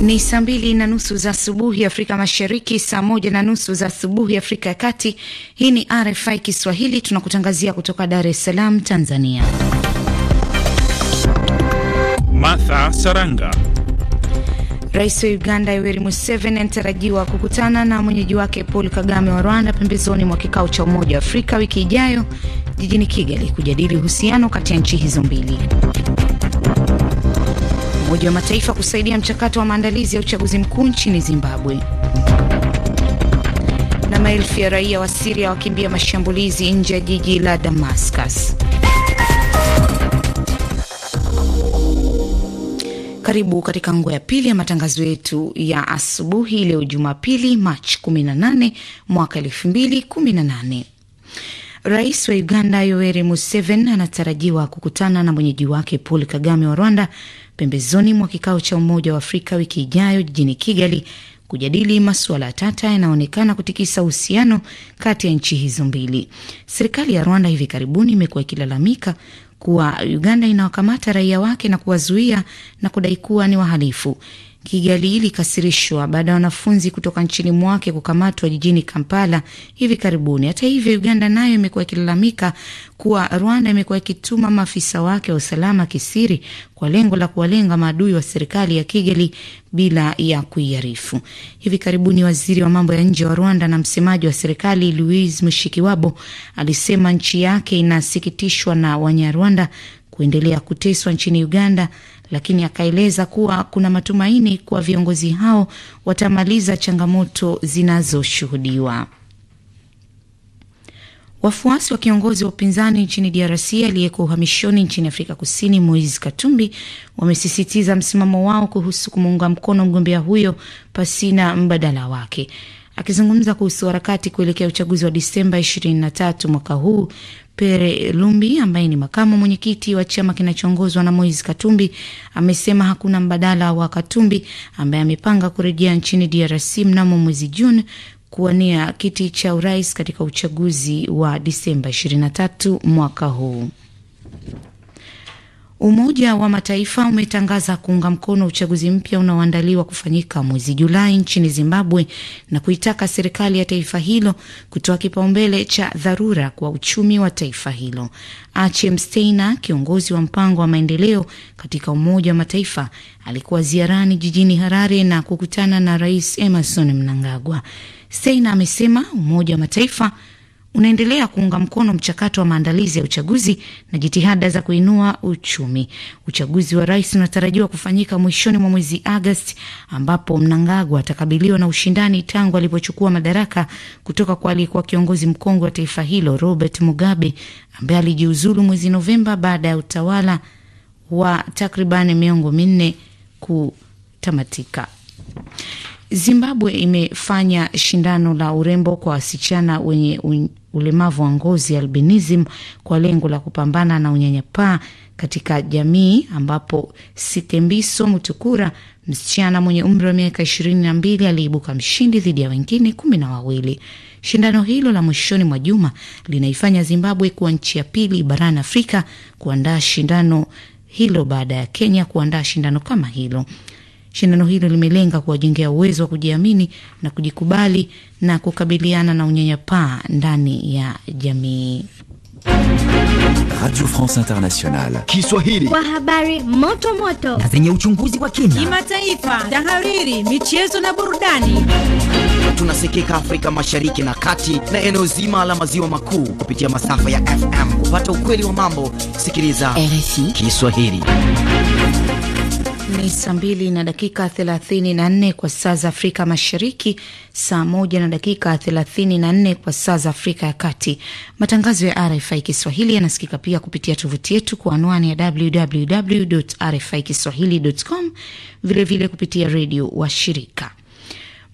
Ni saa mbili na nusu za asubuhi Afrika Mashariki, saa moja na nusu za asubuhi Afrika ya Kati. Hii ni RFI Kiswahili, tunakutangazia kutoka Dar es Salaam, Tanzania. Martha Saranga. Rais wa Uganda Yoweri Museveni anatarajiwa kukutana na mwenyeji wake Paul Kagame wa Rwanda pembezoni mwa kikao cha Umoja wa Afrika wiki ijayo jijini Kigali kujadili uhusiano kati ya nchi hizo mbili. Umoja wa Mataifa kusaidia mchakato wa maandalizi ya uchaguzi mkuu nchini Zimbabwe. Na maelfu ya raia wa Siria wakimbia mashambulizi nje ya jiji la Damascus. Karibu katika nguo ya pili ya matangazo yetu ya asubuhi leo Jumapili, Machi 18 mwaka 2018. Rais wa Uganda Yoweri Museveni anatarajiwa kukutana na mwenyeji wake Paul Kagame wa Rwanda pembezoni mwa kikao cha Umoja wa Afrika wiki ijayo jijini Kigali kujadili masuala tata yanaonekana kutikisa uhusiano kati ya nchi hizo mbili. Serikali ya Rwanda hivi karibuni imekuwa ikilalamika kuwa Uganda inawakamata raia wake na kuwazuia na kudai kuwa ni wahalifu. Kigali ilikasirishwa baada ya wanafunzi kutoka nchini mwake kukamatwa jijini Kampala hivi karibuni. Hata hivyo, Uganda nayo imekuwa ikilalamika kuwa Rwanda imekuwa ikituma maafisa wake wa usalama kisiri kwa lengo la kuwalenga maadui wa serikali ya Kigali bila ya kuiarifu. Hivi karibuni waziri wa mambo ya nje wa Rwanda na msemaji wa serikali Louise Mushikiwabo alisema nchi yake inasikitishwa na Wanyarwanda kuendelea kuteswa nchini Uganda lakini akaeleza kuwa kuna matumaini kuwa viongozi hao watamaliza changamoto zinazoshuhudiwa. Wafuasi wa kiongozi wa upinzani nchini DRC aliyeko uhamishoni nchini Afrika Kusini, Moise Katumbi, wamesisitiza msimamo wao kuhusu kumuunga mkono mgombea huyo pasina mbadala wake. Akizungumza kuhusu harakati kuelekea uchaguzi wa Disemba 23 mwaka huu, Pere Lumbi ambaye ni makamu mwenyekiti wa chama kinachoongozwa na Moise Katumbi amesema hakuna mbadala wa Katumbi ambaye amepanga kurejea nchini DRC mnamo mwezi Juni kuwania kiti cha urais katika uchaguzi wa Disemba 23 mwaka huu. Umoja wa Mataifa umetangaza kuunga mkono uchaguzi mpya unaoandaliwa kufanyika mwezi Julai nchini Zimbabwe na kuitaka serikali ya taifa hilo kutoa kipaumbele cha dharura kwa uchumi wa taifa hilo. Achim Steiner, kiongozi wa mpango wa maendeleo katika Umoja wa Mataifa, alikuwa ziarani jijini Harare na kukutana na Rais Emerson Mnangagwa. Steiner amesema Umoja wa Mataifa unaendelea kuunga mkono mchakato wa maandalizi ya uchaguzi na jitihada za kuinua uchumi. Uchaguzi wa rais unatarajiwa kufanyika mwishoni mwa mwezi Agosti, ambapo Mnangagwa atakabiliwa na ushindani tangu alipochukua madaraka kutoka kwa aliyekuwa kiongozi mkongwe wa taifa hilo Robert Mugabe, ambaye alijiuzulu mwezi Novemba baada ya utawala wa takriban miongo minne kutamatika. Zimbabwe imefanya shindano la urembo kwa wasichana wenye ulemavu wa ngozi albinism kwa lengo la kupambana na unyanyapaa katika jamii, ambapo Sitembiso Mutukura, msichana mwenye umri wa miaka ishirini na mbili, aliibuka mshindi dhidi ya wengine kumi na wawili. Shindano hilo la mwishoni mwa juma linaifanya Zimbabwe kuwa nchi ya pili barani Afrika kuandaa shindano hilo baada ya Kenya kuandaa shindano kama hilo. Shindano hilo limelenga kuwajengea uwezo wa kujiamini na kujikubali na kukabiliana na unyanyapaa ndani ya jamii. Radio France Internationale Kiswahili, kwa habari moto moto na zenye uchunguzi wa kina, kimataifa, tahariri, michezo na burudani. Tunasikika Afrika Mashariki na Kati na eneo zima la maziwa makuu kupitia masafa ya FM. Kupata ukweli wa mambo, sikiliza RFI Kiswahili. Ni saa mbili na dakika thelathini na nne kwa saa za Afrika Mashariki, saa moja na dakika thelathini na nne kwa saa za Afrika ya Kati. Matangazo ya RFI Kiswahili yanasikika pia kupitia tovuti yetu kwa anwani ya www rfi kiswahilicom vilevile kupitia redio wa shirika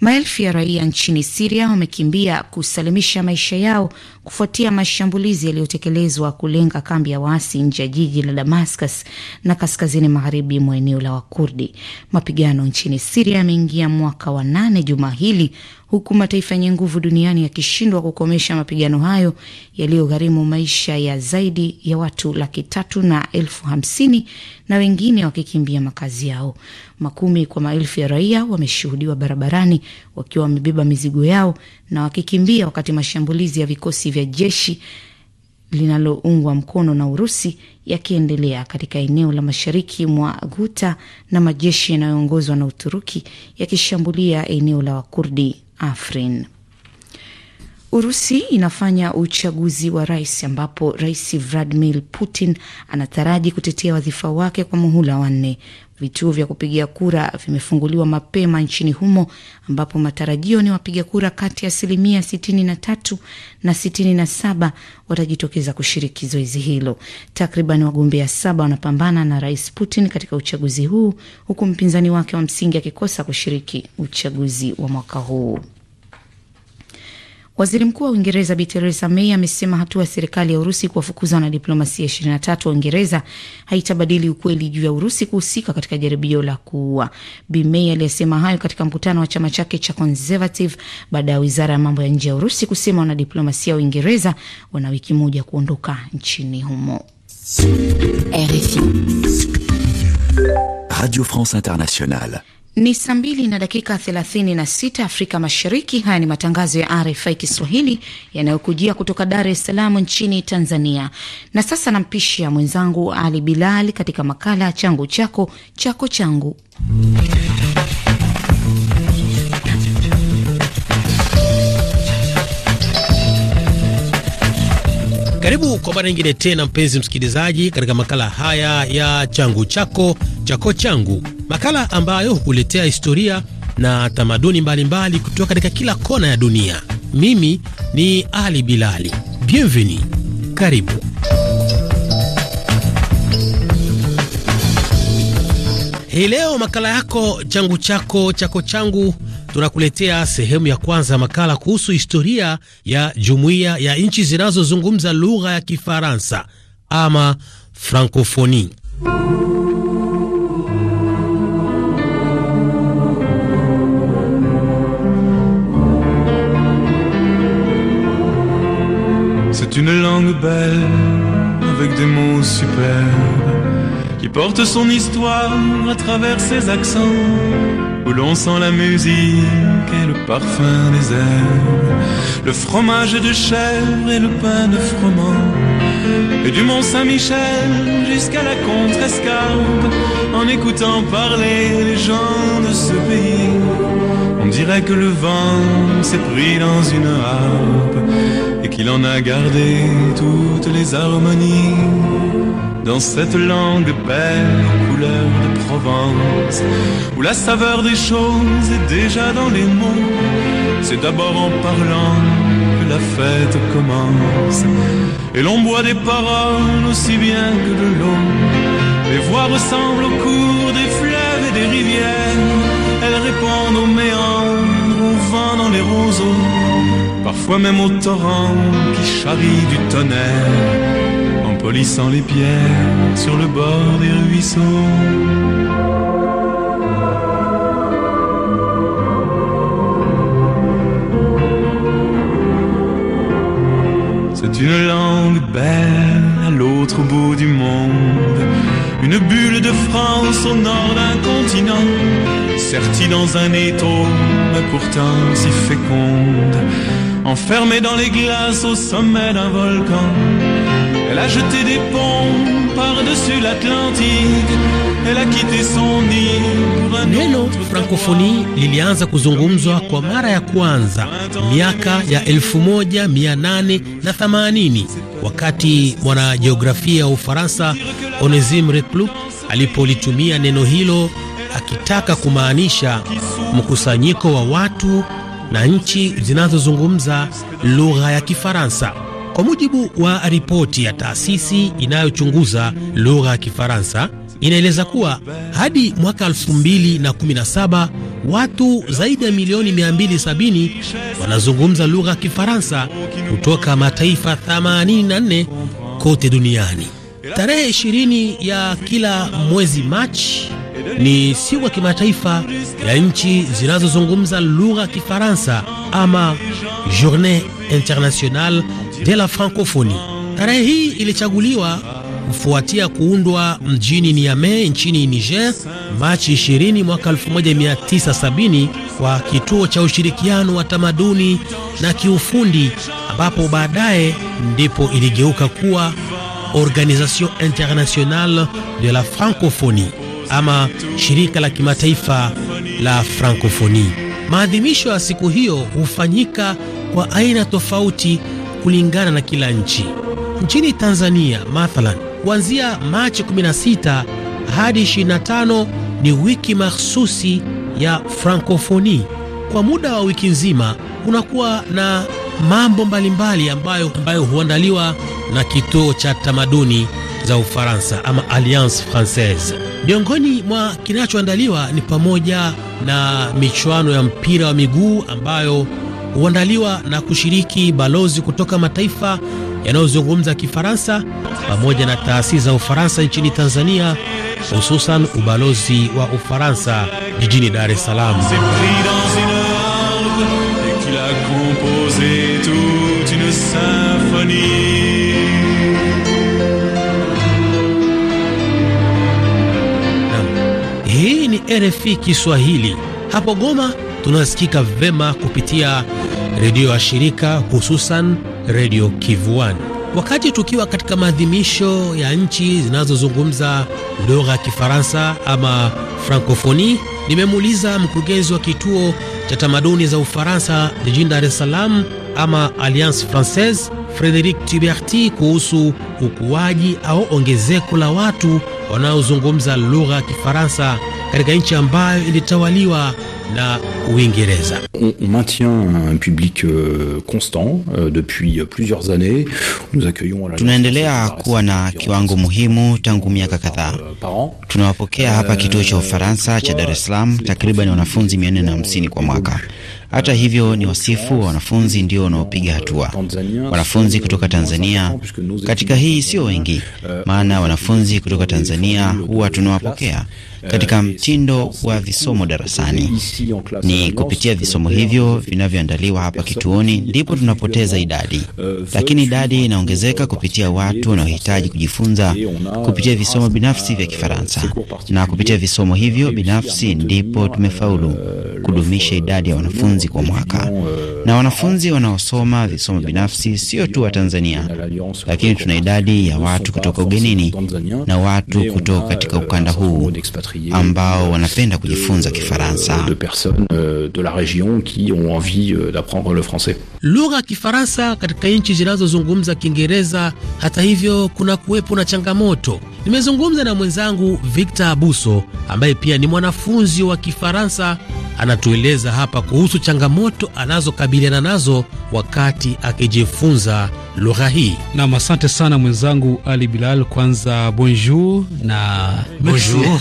Maelfu ya raia nchini Siria wamekimbia kusalimisha maisha yao kufuatia mashambulizi yaliyotekelezwa kulenga kambi ya waasi nje ya jiji la Damascus na kaskazini magharibi mwa eneo la Wakurdi. Mapigano nchini Siria yameingia mwaka wa nane juma hili huku mataifa yenye nguvu duniani yakishindwa kukomesha mapigano hayo yaliyogharimu maisha ya zaidi ya watu laki tatu na elfu hamsini na wengine wakikimbia makazi yao. Makumi kwa maelfu ya raia wameshuhudiwa barabarani wakiwa wamebeba mizigo yao na wakikimbia wakati mashambulizi ya vikosi vya jeshi linaloungwa mkono na Urusi yakiendelea katika eneo la mashariki mwa Ghuta na majeshi yanayoongozwa na Uturuki yakishambulia eneo la Wakurdi Afrin. Urusi inafanya uchaguzi wa rais ambapo rais Vladimir Putin anataraji kutetea wadhifa wake kwa muhula wanne. Vituo vya kupigia kura vimefunguliwa mapema nchini humo ambapo matarajio ni wapiga kura kati ya asilimia sitini na 67 watajitokeza kushiriki zoezi hilo. Takriban wagombea saba wanapambana na Rais Putin katika uchaguzi huu huku mpinzani wake wa msingi akikosa kushiriki uchaguzi wa mwaka huu. Waziri Mkuu wa Uingereza Bi Theresa May amesema hatua ya serikali ya Urusi kuwafukuza wanadiplomasia 23 wa Uingereza haitabadili ukweli juu ya Urusi kuhusika katika jaribio la kuua. Bi May aliyesema hayo katika mkutano wa chama chake cha Conservative baada ya wizara ya mambo ya nje ya Urusi kusema wanadiplomasia wa Uingereza wana wiki moja kuondoka nchini humo. RFI Radio France Internationale. Ni saa mbili na dakika 36 Afrika Mashariki. Haya ni matangazo ya RFI Kiswahili yanayokujia kutoka Dar es Salaam nchini Tanzania. Na sasa nampishia mwenzangu Ali Bilal katika makala changu chako chako changu. Karibu kwa mara nyingine tena, mpenzi msikilizaji, katika makala haya ya changu chako chako changu, makala ambayo hukuletea historia na tamaduni mbalimbali kutoka katika kila kona ya dunia. Mimi ni Ali Bilali. bienveni, karibu. Hii leo makala yako changu chako chako changu, tunakuletea sehemu ya kwanza makala kuhusu historia ya jumuiya ya nchi zinazozungumza lugha ya Kifaransa ama Francophonie. une langue belle, avec des mots superbes, qui porte son histoire à travers ses accents, où l'on sent la musique et le parfum des airs, le fromage de chèvre et le pain de froment. Et du Mont Saint-Michel jusqu'à la Contrescarpe, en écoutant parler les gens de ce pays, on dirait que le vent s'est pris dans une harpe qu'il en a gardé toutes les harmonies dans cette langue belle couleur de Provence, où la saveur des choses est déjà dans les mots. C'est d'abord en parlant que la fête commence, et l'on boit des paroles aussi bien que de l'eau. Les voix ressemblent au cours des fleuves et des rivières, elles répondent aux méandres, au vent dans les roseaux parfois même au torrent qui charrie du tonnerre, en polissant les pierres sur le bord des ruisseaux. C'est une langue belle à l'autre bout du monde, une bulle de France au nord d'un continent, sertie dans un étau, mais pourtant si féconde enfermée dans les glaces au sommet d'un volcan. Elle a jeté des ponts par-dessus l'Atlantique, elle a quitté son nid pour un Neno frankofoni lilianza kuzungumzwa kwa mara ya kwanza miaka ya elfu moja na thamanini wakati mwanajiografia wa Ufaransa Onesime Reclus alipolitumia neno hilo akitaka kumaanisha mkusanyiko wa watu na nchi zinazozungumza lugha ya Kifaransa. Kwa mujibu wa ripoti ya taasisi inayochunguza lugha ya Kifaransa, inaeleza kuwa hadi mwaka 2017 watu zaidi ya milioni 270 wanazungumza lugha ya Kifaransa kutoka mataifa 84 kote duniani. Tarehe 20 ya kila mwezi Machi ni siku ya kimataifa ya nchi zinazozungumza lugha ya Kifaransa ama Journée Internationale de la Francophonie. Tarehe hii ilichaguliwa kufuatia kuundwa mjini Niamey nchini Niger Machi 20 mwaka 1970 kwa kituo cha ushirikiano wa tamaduni na kiufundi ambapo baadaye ndipo iligeuka kuwa Organisation Internationale de la Francophonie ama shirika la kimataifa la Frankofoni. Maadhimisho ya siku hiyo hufanyika kwa aina tofauti kulingana na kila nchi. Nchini Tanzania mathalan, kuanzia Machi 16 hadi 25 ni wiki mahsusi ya Frankofoni. Kwa muda wa wiki nzima kunakuwa na mambo mbalimbali ambayo, ambayo huandaliwa na kituo cha tamaduni za Ufaransa ama Alliance Francaise. Miongoni mwa kinachoandaliwa ni pamoja na michuano ya mpira wa miguu ambayo huandaliwa na kushiriki balozi kutoka mataifa yanayozungumza Kifaransa pamoja na taasisi za Ufaransa nchini Tanzania, hususan ubalozi wa Ufaransa jijini Dar es Salaam. ni RFI Kiswahili. Hapo Goma tunasikika vema kupitia redio ya shirika hususan redio Kivuani. Wakati tukiwa katika maadhimisho ya nchi zinazozungumza lugha ya Kifaransa ama Frankofoni, nimemuuliza mkurugenzi wa kituo cha tamaduni za Ufaransa jijini Dar es Salaam ama Alliance Francaise Frederic Tuberti kuhusu ukuaji au ongezeko la watu wanaozungumza lugha ya Kifaransa katika nchi ambayo ilitawaliwa na Uingereza. On maintient un public euh, constant euh, depuis plusieurs années. Nous accueillons tunaendelea kuwa na kiwango muhimu tangu miaka kadhaa. Tunawapokea hapa kituo cha Ufaransa cha Dar es Salaam takriban wanafunzi 450 kwa mwaka. Hata hivyo, ni wasifu wa wanafunzi ndio wanaopiga hatua. Wanafunzi kutoka Tanzania katika hii sio wengi, maana wanafunzi kutoka Tanzania huwa tunawapokea katika mtindo wa visomo darasani. Ni kupitia visomo hivyo vinavyoandaliwa hapa kituoni ndipo tunapoteza idadi, lakini idadi inaongezeka kupitia watu wanaohitaji kujifunza kupitia visomo binafsi vya Kifaransa, na kupitia visomo hivyo binafsi ndipo tumefaulu kudumisha idadi ya wanafunzi kwa mwaka. Na wanafunzi wanaosoma visomo binafsi sio tu wa Tanzania, lakini tuna idadi ya watu kutoka ugenini na watu kutoka katika ukanda huu ambao euh, wanapenda kujifunza Kifaransa. Lugha ya Kifaransa katika nchi zinazozungumza Kiingereza, hata hivyo, kuna kuwepo na changamoto. Nimezungumza na mwenzangu Victor Abuso ambaye pia ni mwanafunzi wa Kifaransa, anatueleza hapa kuhusu changamoto anazokabiliana nazo wakati akijifunza lugha hii. Nam, asante sana mwenzangu Ali Bilal. Kwanza bonjour na bonjour,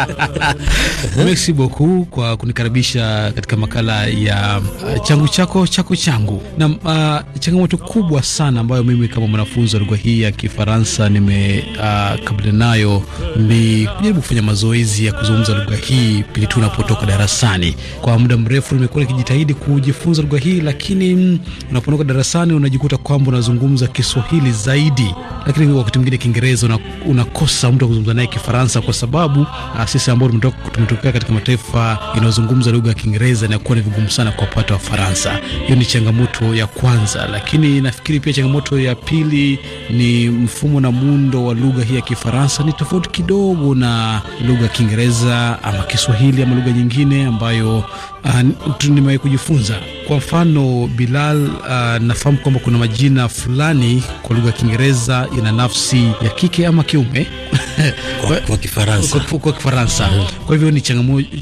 merci beaucoup kwa kunikaribisha katika makala ya uh, changu chako chako changu. Nam, uh, changamoto kubwa sana ambayo mimi kama mwanafunzi wa lugha hii ya Kifaransa nimekabiliana uh, nayo ni kujaribu kufanya mazoezi ya kuzungumza lugha hii pili tu unapotoka darasani. Kwa muda mrefu nimekuwa nikijitahidi kujifunza lugha hii, lakini mm, unapotoka darasani unajikuta ukiwa kwamba unazungumza Kiswahili zaidi, lakini wakati mwingine Kiingereza unakosa mtu wa kuzungumza naye Kifaransa, kwa sababu ah, sisi ambao tumetokea katika mataifa inayozungumza lugha ya Kiingereza inakuwa ni vigumu sana kuwapata Wafaransa. Hiyo ni changamoto ya kwanza, lakini nafikiri pia changamoto ya pili ni mfumo na muundo wa lugha hii ya Kifaransa ni tofauti kidogo na lugha ya Kiingereza ama Kiswahili ama lugha nyingine ambayo uh, nimewahi kujifunza. Kwa mfano Bilal, uh, nafahamu kwamba kuna majina fulani kwa lugha ya Kiingereza ina nafsi ya kike ama kiume kwa, kwa Kifaransa, kwa, kwa Kifaransa. Mm. Kwa hivyo ni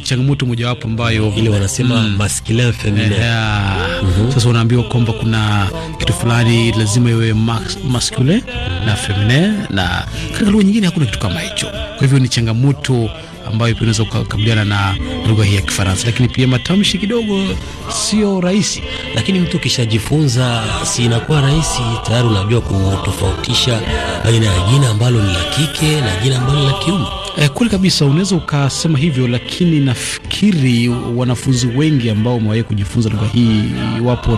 changamoto mojawapo ambayo ile wanasema mm, masculine feminine. Mm -hmm. Sasa unaambiwa kwamba kuna kitu fulani lazima iwe masculine na feminine, na katika lugha nyingine hakuna kitu kama hicho. Kwa hivyo ni changamoto ambayo pia unaweza kukabiliana na lugha hii ya Kifaransa, lakini pia matamshi kidogo sio rahisi, lakini mtu kishajifunza si inakuwa rahisi tayari, unajua kutofautisha baina ya jina ambalo ni la kike na jina ambalo ni la kiume. Eh, kweli kabisa, unaweza ukasema hivyo, lakini nafikiri wanafunzi wengi ambao wamewahi kujifunza lugha hii, iwapo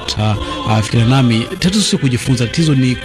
uh, nami, tatizo sio kujifunza, tatizo ni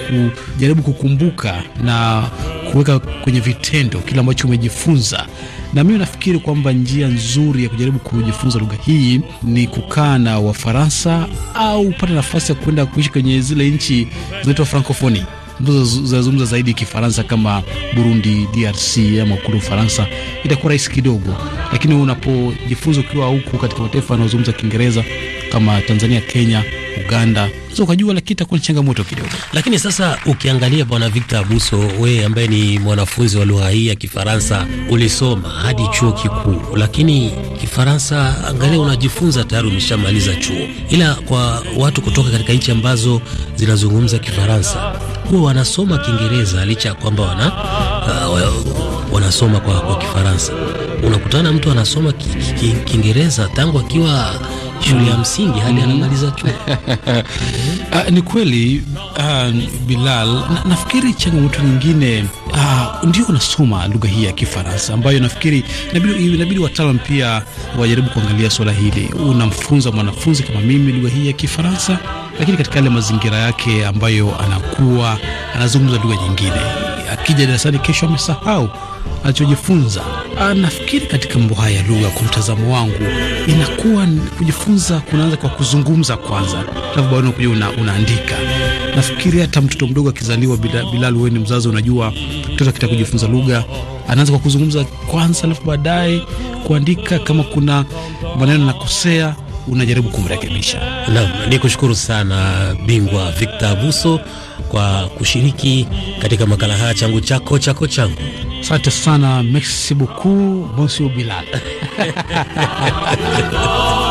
kujaribu kukumbuka na kuweka kwenye vitendo kile ambacho umejifunza. Na mimi nafikiri kwamba njia nzuri ya kujaribu kujifunza lugha hii ni kukaa na Wafaransa au upate nafasi ya kuenda kuishi kwenye zile nchi zinaitwa Francophonie ambazo zinazungumza zaidi Kifaransa kama Burundi, DRC ama kule Ufaransa, itakuwa rahisi kidogo. Lakini unapojifunza ukiwa huku katika mataifa yanayozungumza Kiingereza kama Tanzania, Kenya Uganda, unaweza ukajua, lakini itakuwa ni changamoto kidogo. Lakini sasa ukiangalia, bwana Victor Abuso, wewe ambaye ni mwanafunzi wa lugha hii ya Kifaransa, ulisoma hadi chuo kikuu, lakini Kifaransa angalia unajifunza tayari, umeshamaliza chuo, ila kwa watu kutoka katika nchi ambazo zinazungumza Kifaransa huwa wanasoma Kiingereza licha ya kwamba wana uh, wanasoma kwa, kwa Kifaransa. Unakutana mtu anasoma Kiingereza ki, ki, tangu akiwa shule ya mm. msingi hadi mm. anamaliza chuo. Ah, ni kweli ah, Bilal, nafikiri changamoto nyingine Uh, ndio unasoma lugha hii ya Kifaransa ambayo nafikiri inabidi inabidi wataalam pia wajaribu kuangalia swala hili. Unamfunza mwanafunzi kama mimi lugha hii ya Kifaransa, lakini katika yale mazingira yake ambayo anakuwa anazungumza lugha nyingine, akija darasani kesho amesahau alichojifunza. Ah, nafikiri katika mambo haya ya lugha, kwa mtazamo wangu, inakuwa kujifunza kunaanza kwa kuzungumza kwanza, alafu baadaye unakuja una, unaandika. Nafikiri hata mtoto mdogo akizaliwa, Bilal, wewe ni mzazi, unajua mtoto akitaka kujifunza lugha anaanza kwa kuzungumza kwanza, alafu baadaye kuandika. Kama kuna maneno nakosea unajaribu kumrekebisha. Naam, ni kushukuru sana bingwa Victor Abuso kwa kushiriki katika makala haya changu chako chako changu. Asante sana, merci beaucoup, monsieur Bilal.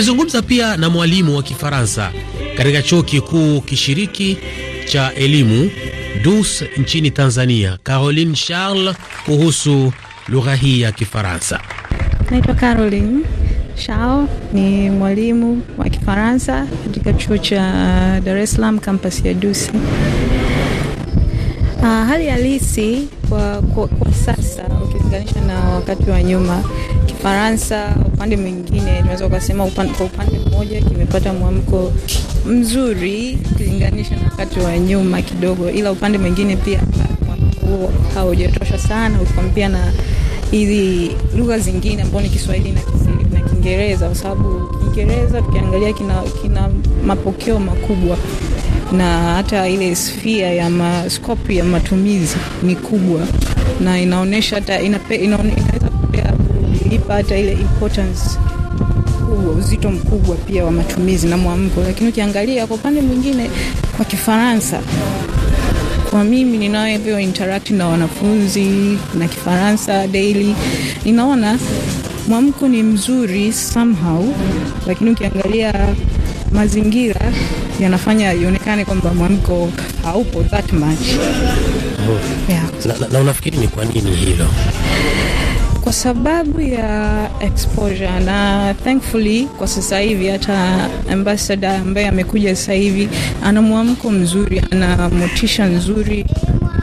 Amezungumza pia na mwalimu wa Kifaransa katika chuo kikuu kishiriki cha elimu DUS nchini Tanzania, Caroline Charles kuhusu lugha hii ya Kifaransa. Naitwa Caroline Shao ni mwalimu wa Kifaransa katika chuo cha uh, Dar es Salaam kampasi ya DUSI. Uh, hali halisi kwa, kwa, kwa sasa ukilinganisha na wakati wa nyuma Ufaransa upande mwingine, tunaweza ukasema kwa upande mmoja kimepata mwamko mzuri ukilinganisha na wakati wa nyuma kidogo, ila upande mwingine pia mwamko huo haujatosha sana ukampia na hizi lugha zingine ambao ni Kiswahili na Kiingereza, kwa sababu Kiingereza tukiangalia kina, kina mapokeo makubwa na hata ile sphere ya maskopi ya matumizi ni kubwa na inaonyesha hata inaweza kuipa hata ile importance kubwa, uzito mkubwa pia wa matumizi na mwamko. Lakini ukiangalia kwa upande mwingine, kwa Kifaransa, kwa mimi ninavyo interact na wanafunzi na Kifaransa daily, ninaona mwamko ni mzuri somehow, lakini ukiangalia mazingira yanafanya ionekane kwamba mwamko haupo that much. Oh. Yeah. Na, na, na unafikiri ni kwa nini hilo? kwa sababu ya exposure, na thankfully kwa sasa hivi hata ambassador ambaye amekuja sasa hivi ana mwamko mzuri, ana motisha nzuri.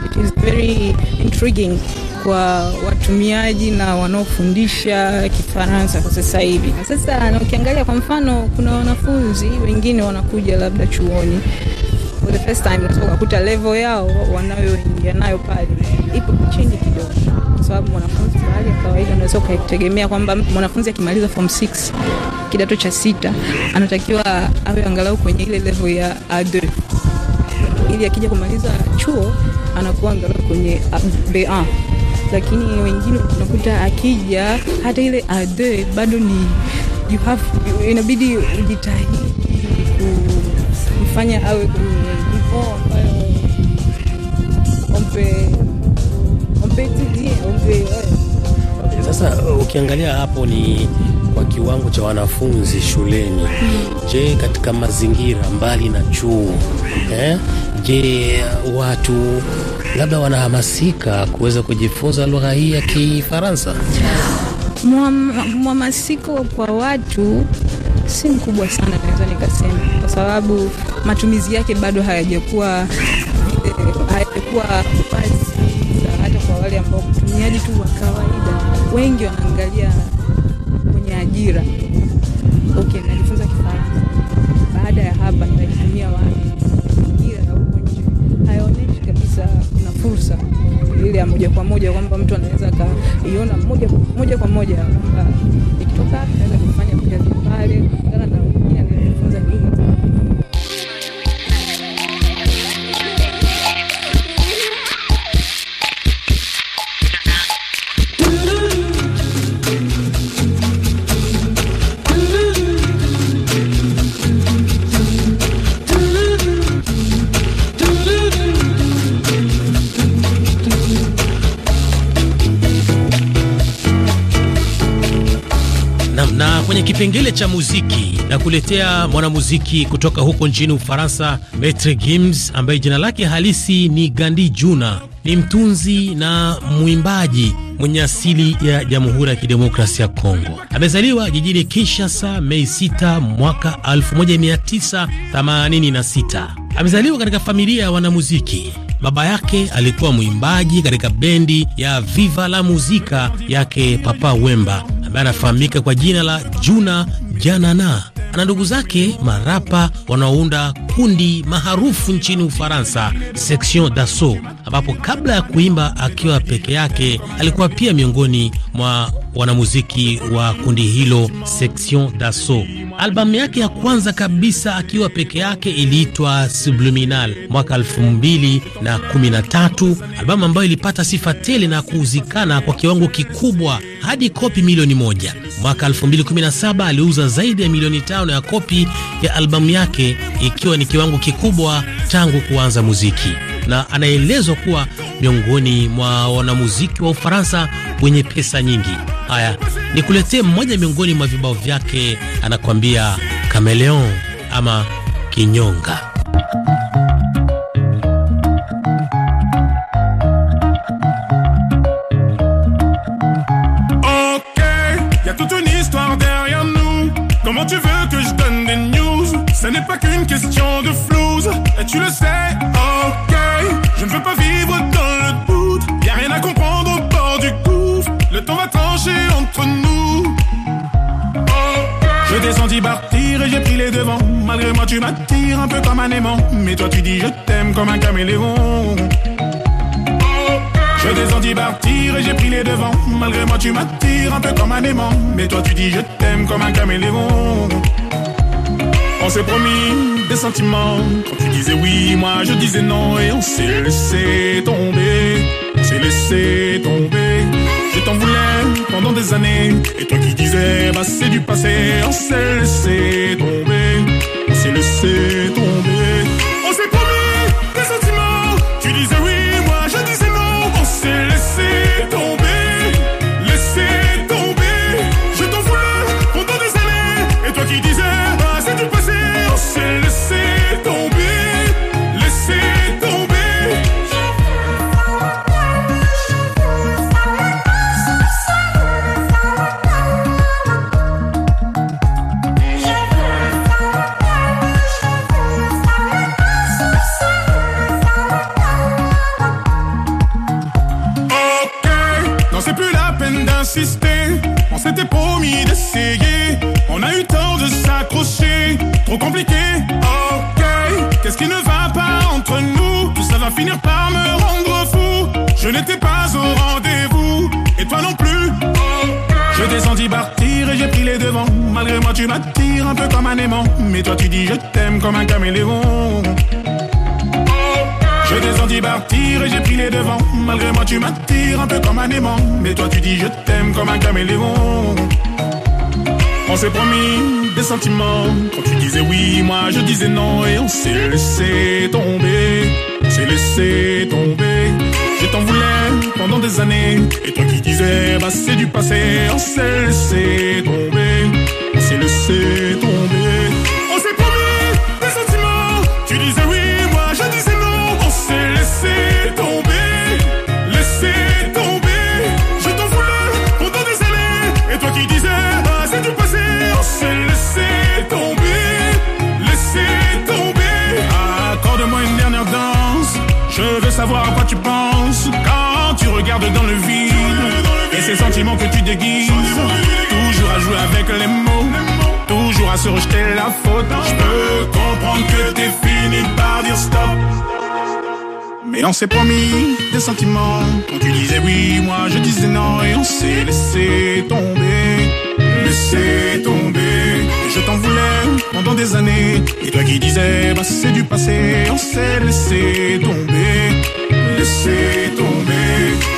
It is very intriguing kwa watumiaji na wanaofundisha Kifaransa kwa sasa hivi. Sasa na ukiangalia kwa mfano, kuna wanafunzi wengine wanakuja labda chuoni for the first time, ukakuta level yao wanayoingia nayo pale ipo chini kidogo sababu mwanafunzi mahali ya kawaida unaweza ukaitegemea kwamba mwanafunzi akimaliza form 6 kidato cha sita anatakiwa awe angalau kwenye ile level ya A2 ili akija kumaliza chuo anakuwa angalau kwenye B1 lakini wengine unakuta akija hata ile A2 bado ni you have inabidi ujitahidi kumfanya awe kwenye level ambayo ompe Eh. Sasa eh, ukiangalia hapo ni kwa kiwango cha wanafunzi shuleni. Je, katika mazingira mbali na chuo eh? Je, watu labda wanahamasika kuweza kujifunza lugha hii ya Kifaransa? Mhamasiko kwa watu si mkubwa sana, naweza nikasema, kwa sababu matumizi yake bado hayajakuwa eh, hayajakuwa wazi ambao mtumiaji tu wa kawaida, wengi wanaangalia kwenye ajira. Okay, najifunza Kifaransa, baada ya hapa nitakitumia wapi? Ajira huko nje hayaonyeshi kabisa kuna fursa ile ya moja kwa moja kwamba mtu anaweza akaiona moja kwa moja ah, ikitoka hapa kukuletea mwanamuziki kutoka huko nchini Ufaransa, Maitre Gims ambaye jina lake halisi ni Gandi Juna. Ni mtunzi na mwimbaji mwenye asili ya Jamhuri ya Kidemokrasia ya Kongo. Amezaliwa jijini Kinshasa Mei 6 mwaka 1986. Amezaliwa katika familia ya wanamuziki. Baba yake alikuwa mwimbaji katika bendi ya Viva la Muzika yake Papa Wemba ambaye anafahamika kwa jina la Juna Janana na ndugu zake marapa wanaounda kundi maarufu nchini Ufaransa, Section d'Assaut, ambapo kabla ya kuimba akiwa peke yake alikuwa pia miongoni mwa wanamuziki wa kundi hilo Section d'Assaut. Albamu yake ya kwanza kabisa akiwa peke yake iliitwa Subliminal mwaka 2013, albamu ambayo ilipata sifa tele na kuuzikana kwa kiwango kikubwa hadi kopi milioni moja. Mwaka 2017 aliuza zaidi ya milioni tano ya kopi ya albamu yake, ikiwa ni kiwango kikubwa tangu kuanza muziki, na anaelezwa kuwa miongoni mwa wanamuziki wa Ufaransa wenye pesa nyingi. moi Haya, nikuletee mmoja miongoni mwa vibao vyake, anakuambia Kameleon ama Kinyonga. OK, toute une histoire derrière nous. Comment tu veux que je donne des news Ce n'est pas qu'une question de flouze, et tu le sais, ok. Je ne veux pas vivre. nous. Oh. Je descendis partir et j'ai pris les devants. Malgré moi, tu m'attires un peu comme un aimant. Mais toi, tu dis je t'aime comme un caméléon. Oh. Je descendis partir et j'ai pris les devants. Malgré moi, tu m'attires un peu comme un aimant. Mais toi, tu dis je t'aime comme un caméléon. On s'est promis des sentiments. Quand tu disais oui, moi je disais non. Et on s'est laissé tomber. On s'est laissé tomber. Je t'en voulais pendant des années. Et toi qui disais, bah c'est du passé. On s'est laissé tomber. On s'est laissé tomber. tu m'attires un peu comme un aimant, mais toi tu dis je t'aime comme un caméléon. Je t'ai senti partir et j'ai pris les devants. Malgré moi, tu m'attires un peu comme un aimant. Mais toi, tu dis je t'aime comme un caméléon. On s'est promis des sentiments. Quand tu disais oui, moi je disais non. Et on s'est laissé tomber. On s'est laissé tomber. Je t'en voulais pendant des années. Et toi qui disais, bah c'est du passé. On s'est laissé tomber s'est laissé tomber. On s'est promis des sentiments. Tu disais oui, moi je disais non. On s'est laissé tomber, laissé tomber. Je t'en voulais pendant des années. Et toi qui disais, ah, c'est tout passé. On s'est laissé tomber, laissé tomber. Accorde-moi une dernière danse. Je veux savoir à quoi tu penses quand tu regardes dans le vide. Et ces sentiments que tu déguises, toujours à jouer avec les mots se rejeter la faute. Je peux comprendre que t'es fini par dire stop. Mais on s'est promis des sentiments. Quand tu disais oui, moi je disais non. Et on s'est laissé tomber, laissé tomber. Et je t'en voulais pendant des années. Et toi qui disais, bah c'est du passé. On s'est laissé tomber, laissé tomber.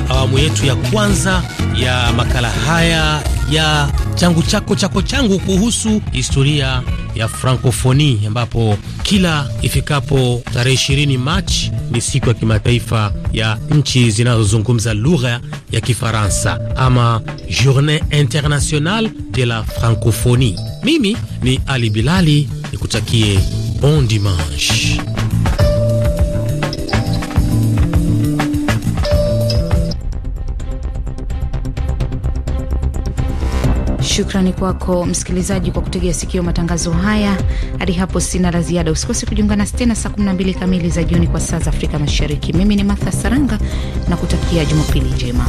kukamilisha awamu yetu ya kwanza ya makala haya ya changu chako chako changu kuhusu historia ya Frankofoni, ambapo kila ifikapo tarehe ishirini Machi ni siku ya kimataifa ya nchi zinazozungumza lugha ya Kifaransa ama Journée Internationale de la Francophonie. Mimi ni Ali Bilali, nikutakie bon dimanche. Shukrani kwako msikilizaji kwa kutegea sikio matangazo haya. Hadi hapo sina la ziada. Usikose kujiunga nasi tena saa 12 kamili za jioni kwa saa za Afrika Mashariki. Mimi ni Martha Saranga na kutakia Jumapili njema.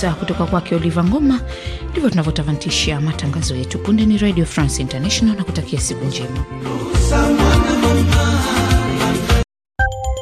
kabisa kutoka kwake Oliva Ngoma. Ndivyo tunavyotamatisha matangazo yetu. Punde ni Radio France International na kutakia siku njema.